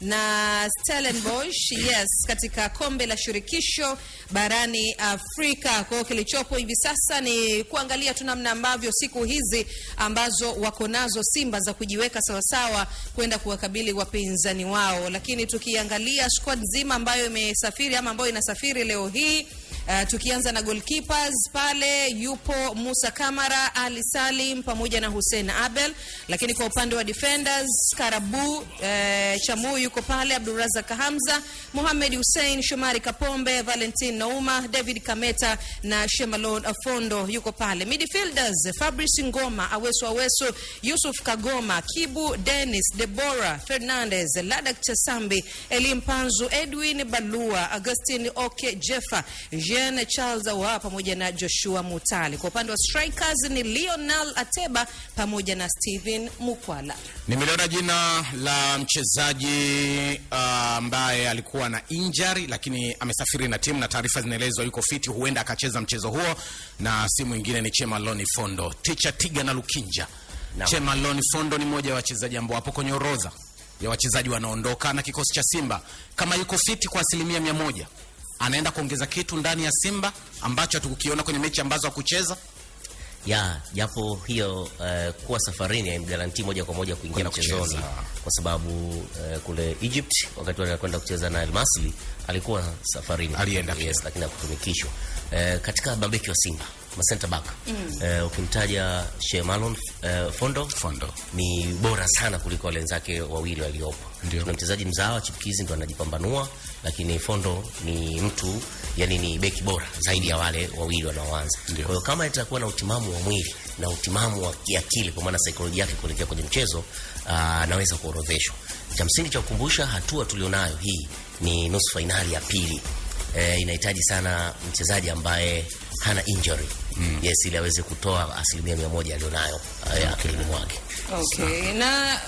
na Stellenbosch yes, katika kombe la shirikisho barani Afrika. Kwa hiyo kilichopo hivi sasa ni kuangalia tu namna ambavyo siku hizi ambazo wako nazo Simba za kujiweka sawasawa kwenda kuwakabili wapinzani wao, lakini tukiangalia squad nzima ambayo imesafiri ama ambayo inasafiri leo hii Uh, tukianza na goalkeepers pale yupo Musa Kamara, Ali Salim pamoja na Hussein Abel, lakini kwa upande wa defenders Karabu eh, Chamu yuko pale, Abdurazak Hamza, Mohamed Hussein, Shomari Kapombe, Valentin Nouma, David Kameta na Shemalon Afondo yuko pale. Midfielders Fabrice Ngoma, Awesu Awesu, Yusuf Kagoma, Kibu Dennis, Deborah Fernandez, Ladak Chasambi, Elimpanzu, Edwin Balua, Augustine Oke Jeffa Julian Charles Ahoua pamoja na Joshua Mutale. Kwa upande wa strikers ni Lionel Ateba pamoja na Steven Mukwala. Nimeliona jina la mchezaji uh, ambaye uh, alikuwa na injury lakini amesafiri na timu na taarifa zinaelezwa yuko fiti, huenda akacheza mchezo huo, na si mwingine ni Chemaloni Fondo, ticha Tiga na Lukinja no. Chemaloni Fondo ni mmoja wa wachezaji ambao wapo kwenye orodha ya wachezaji wanaondoka na kikosi cha Simba kama yuko fiti kwa asilimia mia moja anaenda kuongeza kitu ndani ya Simba ambacho hatukukiona kwenye mechi ambazo hakucheza ya japo hiyo uh, kuwa safarini haimgarantii moja kwa moja kuingia mchezoni, kwa sababu uh, kule Egypt wakati anakwenda kucheza na Al Masry alikuwa safarini, alienda yes, lakini hakutumikishwa uh, katika mabeki wa Simba ma center back mm. Eh, ukimtaja Che Malon eh, Fondo Fondo ni bora sana kuliko wenzake wawili waliopo. Tuna mchezaji mzawa chipukizi ndo anajipambanua, lakini Fondo ni mtu yani ni beki bora zaidi ya wale wawili wanaoanza. Kwa hiyo kama itakuwa na utimamu wa mwili na utimamu wa kiakili, kwa maana saikolojia yake kuelekea kwenye mchezo, ah, anaweza kuorodheshwa. Cha msingi cha kukumbusha hatua tulionayo hii ni nusu fainali ya pili eh, inahitaji sana mchezaji ambaye hana injury mm. Yes, ili aweze kutoa asilimia mia moja aliyonayo eh, akilini mwake. Okay. Na